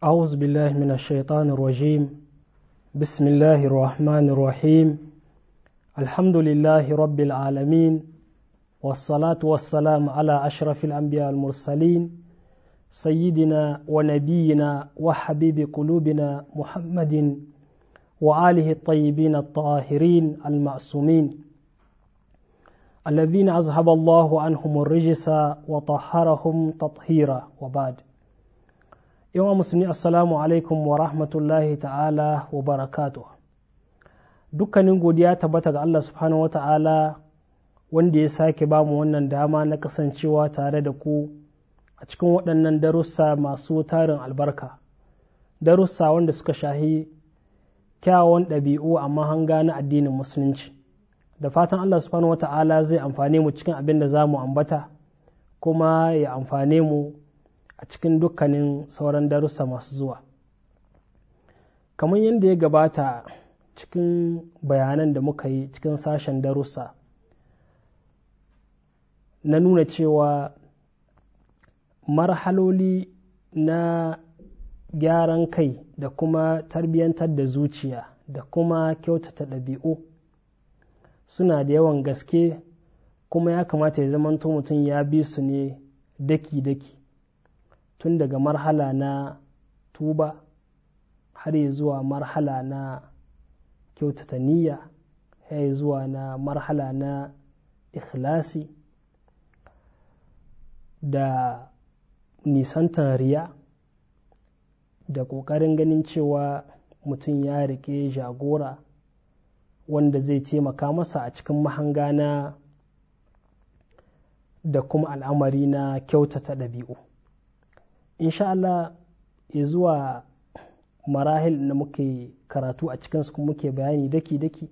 أعوذ بالله من الشيطان الرجيم بسم الله الرحمن الرحيم الحمد لله رب العالمين والصلاة والسلام على أشرف الأنبياء المرسلين سيدنا ونبينا وحبيب قلوبنا محمد وآله الطيبين الطاهرين المعصومين الذين أذهب الله عنهم الرجس وطهرهم تطهيرا وبعد yawan musulmi assalamu alaikum wa rahmatullahi ta'ala wa barakatu dukkanin godiya tabbata ga Allah subhanahu ta'ala wanda ya sake bamu wannan dama na kasancewa tare da ku a cikin waɗannan darussa masu tarin albarka darussa wanda suka shahi kyawawan ɗabi'u amma hanga na addinin musulunci da fatan Allah subhanahu wata'ala zai amfane mu cikin abin da za mu ambata kuma ya amfane mu a cikin dukkanin sauran darussa masu zuwa kamar yadda ya gabata cikin bayanan da muka yi cikin sashen darussa na nuna cewa marhaloli na gyaran kai da kuma tarbiyyantar da zuciya da kuma kyautata ɗabi'u suna da yawan gaske kuma ya kamata ya zama mutum ya bi su ne daki-daki tun daga marhala na tuba har zuwa marhala na kyautata niyya har zuwa na marhala na ikhlasi da nisantan riya da ƙoƙarin ganin cewa mutum ya riƙe jagora wanda zai taimaka masa a cikin mahanga na da kuma al'amari na kyautata ɗabi'u insha Allah ya zuwa marahil da muke karatu a cikinsu kuma muke bayani daki-daki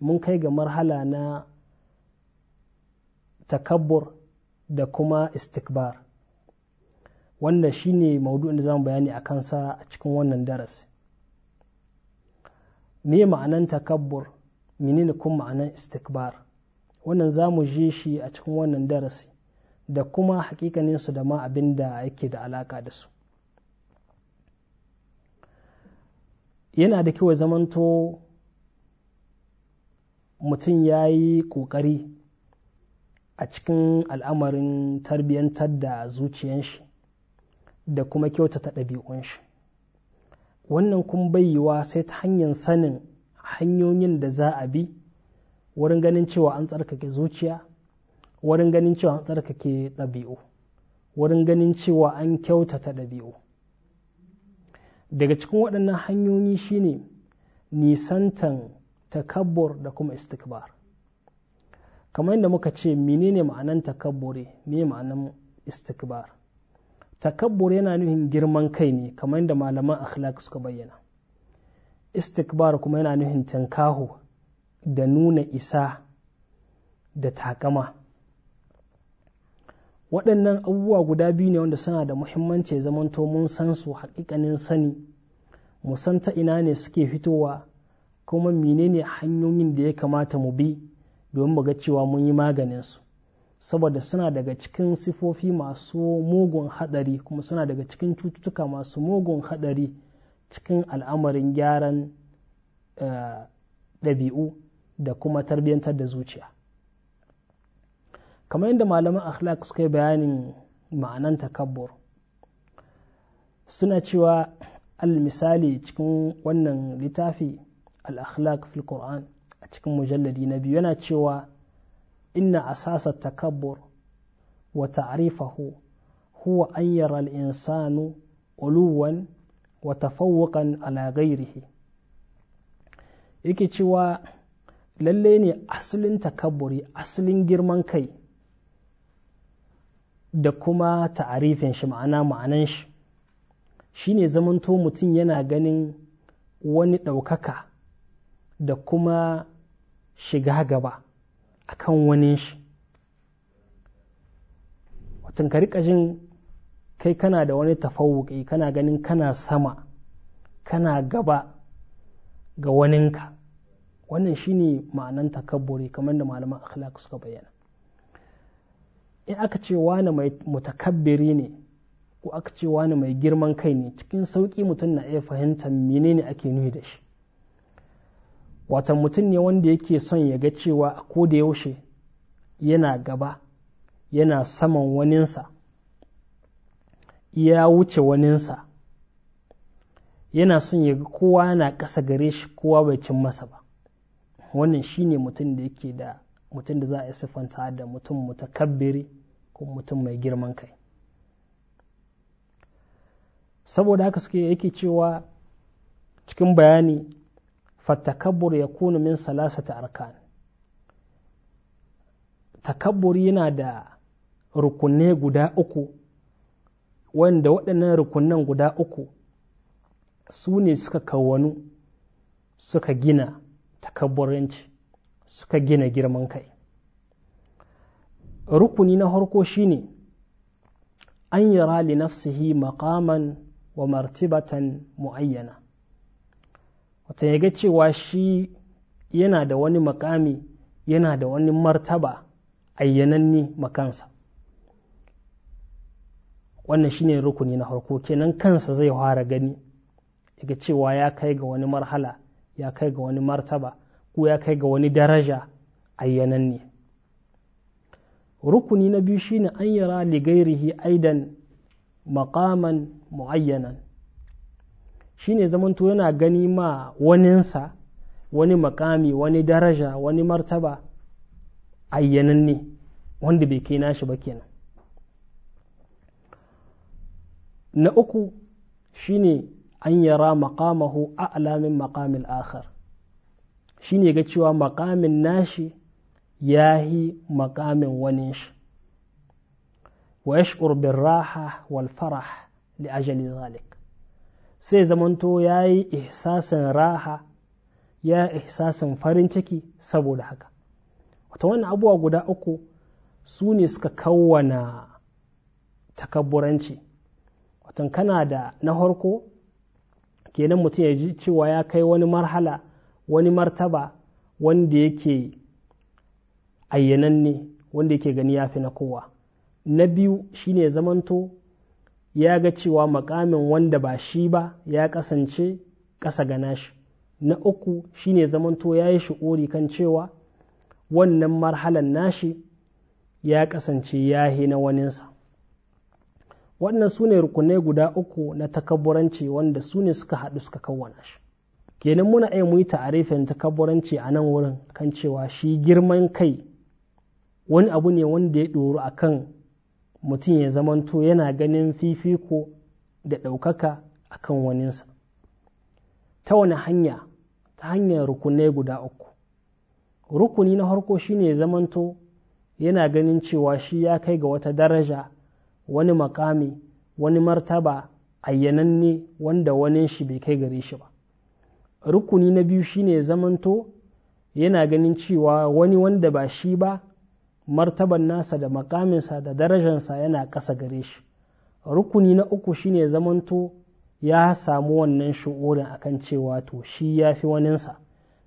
mun kai ga marhala na takabbur da kuma istikbar wanda shine maudu'in da zamu bayani a kansa a cikin wannan darasi me ma'anan takabbur menene kuma ma'anan istikbar wannan zamu je shi a cikin wannan darasi da kuma hakikaninsu da ma abin da yake da alaka da su yana da kyau zamanto mutum ya yi ƙoƙari a cikin al'amarin tarbiyyantar da zuciyanshi da kuma kyautata ɗabi'un shi wannan kun bayyawa sai ta hanyar sanin hanyoyin da za a bi wurin ganin cewa an tsarkake zuciya wurin ganin cewa an tsarkake ɗabi'u wurin ganin cewa an kyautata ɗabi'u daga cikin waɗannan hanyoyi shine nisantan takabbur da kuma istikbar kamar yadda muka ce menene ma'anan takabbure me ma'anan istikbar takabbur yana nufin girman kai ne kamar yadda malaman akhlaq suka bayyana istikbar kuma yana nufin tankahu da nuna isa da takama waɗannan abubuwa guda biyu ne wanda suna da muhimmanci ya zamanto mun san su haƙiƙanin sani mu san ta ina ne suke fitowa kuma menene hanyoyin da ya kamata mu bi domin mu ga cewa mun yi maganin su saboda suna daga cikin sifofi masu mugun haɗari kuma suna daga cikin cututtuka masu mugun haɗari cikin al'amarin gyaran eh, ɗabi'u da kuma tarbiyyantar da zuciya kamar yadda malaman akhlaq suka yi bayanin ma'anan takabbur suna cewa al-misali cikin wannan littafi al-akhlaq fil qur'an a cikin mujalladi na biyu yana cewa inna asasa takabbur wa ta'rifahu huwa an yara al-insanu uluwan wa tafawwuqan ala ghairihi yake cewa lalle ne asalin takabburi asalin girman kai da kuma ta'arifin shi ma'ana ma'anan shi shi ne zamanto mutum yana ganin wani ɗaukaka da kuma shiga gaba akan wani shi watan ka jin kai kana da wani tafawuki kana ganin kana sama kana gaba ga waninka wannan shi shine ma'anan takabburi kamar da malaman akhlaq suka bayyana in aka ce wani mai mutakabbiri ne ko aka ce wani mai girman kai ne cikin sauƙi mutum na iya fahimtar menene ake nuhi da shi wata mutum ne wanda yake son ya ga cewa a ko da yaushe yana gaba yana saman waninsa ya wuce waninsa yana son ya ga kowa yana ƙasa gare shi kowa bai cin masa ba wannan shine mutum da yake da mutum da za a yi siffanta da mutum mutakabbiri ko mutum mai girman kai saboda haka suke yake cewa cikin bayani fatakabbur ya kunu min salasata arkan takabbur yana da rukunne guda uku wanda waɗannan rukunan guda uku su ne suka kawanu suka gina takabburanci suka gina girman kai rukuni na harko shine an yara li nafsihi maqaman wa martibatan mu'ayyana wata ya ga cewa shi yana da wani makami yana da wani martaba ayyananni makansa wannan shine rukuni na harko kenan kansa zai fara gani daga cewa ya kai ga wani marhala ya kai ga wani martaba ko ya kai ga wani daraja ayyanan ne rukuni na biyu shine an yara ligairihi aidan makaman mu'ayyanan shine zamanto yana gani ma waninsa wani makami wani daraja wani martaba ayyanan ne wanda bai kai nashi ba kenan na uku shine an yara makamahu a alamin makamil akhar shi ya ga cewa makamin nashi ya yi makamin wanin shi wa shi raha wal farah li ajali zalik sai zamanto ya yi ihsasin raha ya ihsasin farin ciki saboda haka wata wannan abubuwa guda uku su ne suka kawana takaburanci watan kana da na harko kenan mutum ya ji cewa ya kai wani marhala wani martaba wanda yake ayyananne wanda yake gani ya fi na kowa na biyu shine zamanto ya ga cewa makamin wanda ba shi ba ya kasance ƙasa ga nashi. na uku shine zamanto ya yi shi'uri kan cewa wannan marhalan nashi ya kasance ya na waninsa wannan su ne rukunai guda uku na takabburanci wanda su ne suka haɗu suka kawwana shi kenan muna iya muyi ta'arifin takabburanci a nan wurin kan cewa shi girman kai wani abu ne wanda ya ɗoru a kan mutum ya zamanto yana ganin fifiko da ɗaukaka a kan waninsa ta wani hanya ta hanyar rukunai guda uku rukuni na farko shine ya zamanto yana ganin cewa shi ya kai ga wata daraja wani makami wani martaba ayyananne wanda wani shi bai kai gare shi ba rukuni na biyu shine ya zamanto yana ganin cewa wani wanda ba shi ba martaban nasa da makaminsa da darajansa yana ƙasa gare shi rukuni na uku shine ya zamanto ya samu wannan shi'urin akan cewa to shi ya fi waninsa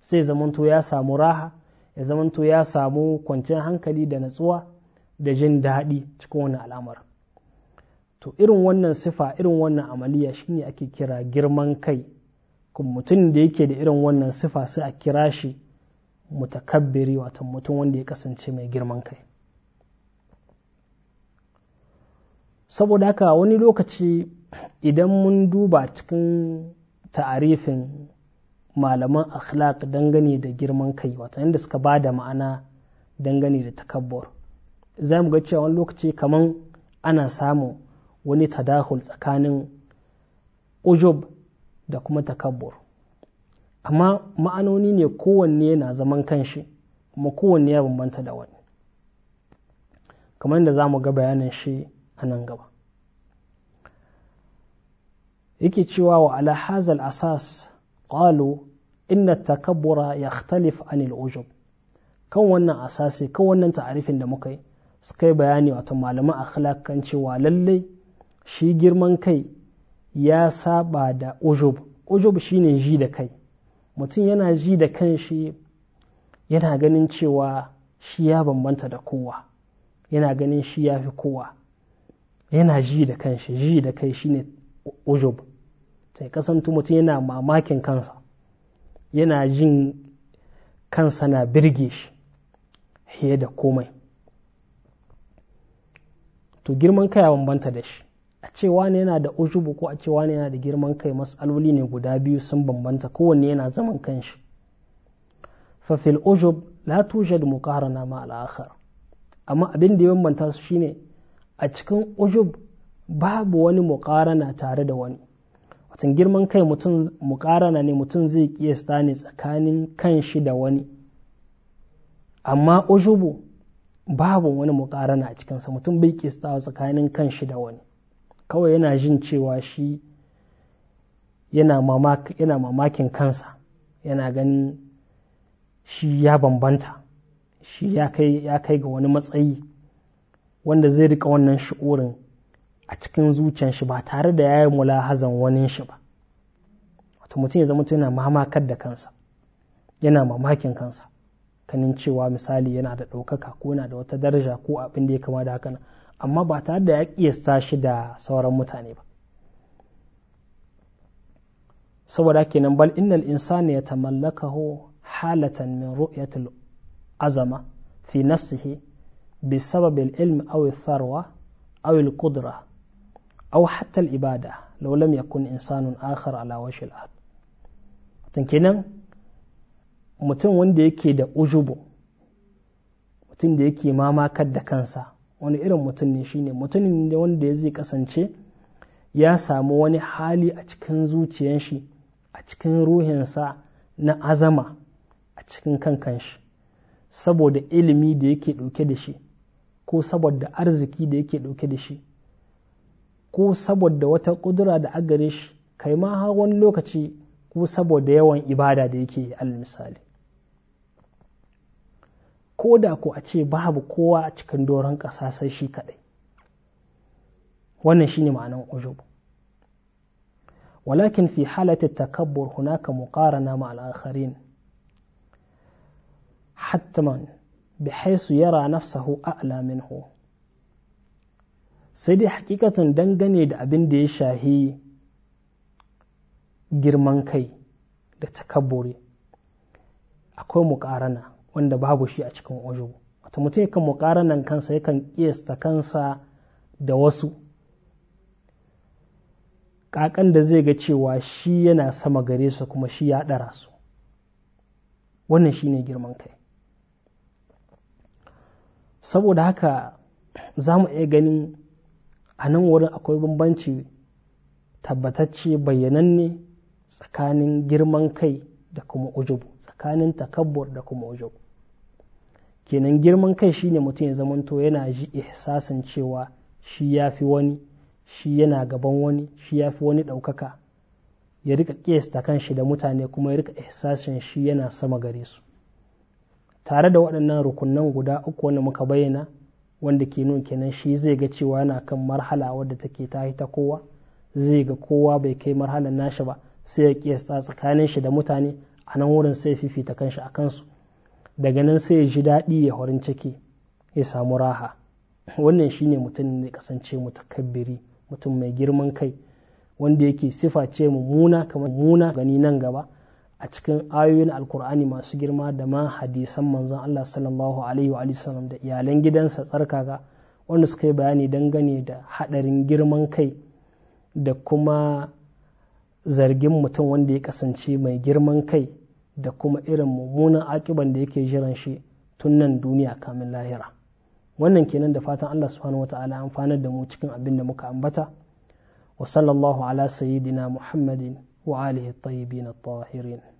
sai zamanto ya samu raha ya zamanto ya samu kwanciyar hankali da natsuwa da jin daɗi cikin wani alamar. to irin wannan sifa irin wannan amaliya shine ake kira girman kai mutum da yake da irin wannan sifa sai a kira shi mutakabbiri wato mutum wanda ya kasance mai girman kai saboda haka wani lokaci idan mun duba cikin ta'arifin malaman akhlaq dangane da girman kai wato yadda suka ba da ma'ana dangane da takabbur za mu ga cewa wani lokaci kamar ana samun wani tadahul tsakanin ujub da kuma takabbur amma ma'anoni ne kowanne yana zaman kanshi kuma kowanne ya bambanta da wani kamar yadda za mu ga bayanin shi a nan gaba yake cewa wa ala hazal asas qalu inna takabbura yakhtalif anil ujub kan wannan asasi kan wannan ta'arifin da muka yi suka yi bayani wato malaman akhlaq kan cewa lallai shi girman kai ya saba da ujub ujub shine ji da kai mutum yana ji da kanshi yana ganin cewa shi ya bambanta da kowa yana ganin shi ya fi kowa yana ji da kanshi ji da kai shine ujub sai kasantu mutum yana mamakin kansa yana jin kansa na birge shi fiye da komai to girman kaya bambanta da shi a cewa ne yana da ujubu ko a cewa ne yana da girman kai masaloli ne guda biyu sun bambanta kowanne yana zaman kanshi fa fil ujub la tujad muqarana ma al akhar amma abin da ya bambanta su shine a cikin ujub babu wani muqarana tare da wani watan girman kai mutum muqarana ne mutum zai kiyasta ne tsakanin kanshi da wani amma ujubu babu wani muqarana a cikinsa mutum bai kiyasta tsakanin kanshi da wani kawai yana jin cewa shi yana mamakin kansa yana ganin shi ya bambanta shi ya kai ga wani matsayi wanda zai rika wannan shi'urin a cikin zuciyar shi ba tare da ya yi mulahazan wani shi ba wato mutum ya zama yana mamakar da kansa yana mamakin kansa kanin cewa misali yana da ɗaukaka ko yana da wata daraja ko abin da ya kama da haka amma ba tare da ya kiyasta shi da sauran mutane ba saboda kenan bal innal ta mallakahu halatan min ru'yatul azama fi nafsihi بسبب العلم أو الثروة أو القدرة ibada حتى الإبادة لو لم يكن إنسان آخر على وجه الأرض kenan mutum wanda yake da ujubu mutum da yake mamakar da kansa wani irin mutum ne shine mutumin ne wanda ya zai kasance ya samu wani hali a cikin zuciyan shi a cikin ruhinsa na azama a cikin kankan saboda ilimi da yake ɗauke da shi ko saboda arziki da yake ɗauke da shi ko saboda wata ƙudura da agare shi kai ma har wani lokaci ko saboda yawan ibada da yake yi misali ko da ko a ce babu kowa a cikin doron ƙasa sai shi kaɗai wannan shine ma'anin ujub walakin fi halati takabbur hunaka muqarana ma al-akharin bi haisu yara nafsahu a'la minhu sai dai hakikatan dangane da abin da ya shahi girman kai da takabburi akwai muƙarana wanda babu shi a cikin ujubu wata mutum yakan nan kansa yakan kiyasta kansa da wasu kakan da zai ga cewa shi yana sama gare su kuma shi ya ɗara su wannan shi ne girman kai saboda haka za mu iya ganin a nan wurin akwai bambanci tabbatacce bayyananne tsakanin girman kai da kuma ujubu tsakanin takabbur da kuma ujubu kenan girman kai shine mutum ya zamanto yana ji ihsasin cewa shi ya fi wani shi yana gaban wani shi ya fi wani ɗaukaka ya rika ƙiyasta kan shi da mutane kuma ya rika ihsasin shi yana sama gare su tare da waɗannan rukunan guda uku wanda muka bayyana wanda ke nuna kenan shi zai ga cewa yana kan marhala wadda take ta ta kowa zai ga kowa bai kai marhalar nashi ba sai ya ƙiyasta tsakanin shi da mutane a nan wurin sai fifita kan shi a kansu daga nan sai ya ji daɗi ya horin ciki ya samu raha wannan shine mutum ne kasance mutakabbiri mutum mai girman kai wanda yake sifa ce mummuna kamar muna gani nan gaba a cikin ayoyin alkur'ani masu girma da ma hadisan manzon Allah sallallahu alaihi wa sallam da iyalan gidansa tsarkaka wanda suka yi bayani dangane da hadarin girman kai da kuma zargin mutum wanda ya kasance mai girman kai da kuma irin mummunan akiban da yake jiran shi tun nan duniya kamin lahira wannan kenan da fatan Allah subhanahu wata'ala amfanar da mu cikin abin da muka ambata wa sallallahu ala sayyidina muhammadin wa alihi tayyibin at-tahirin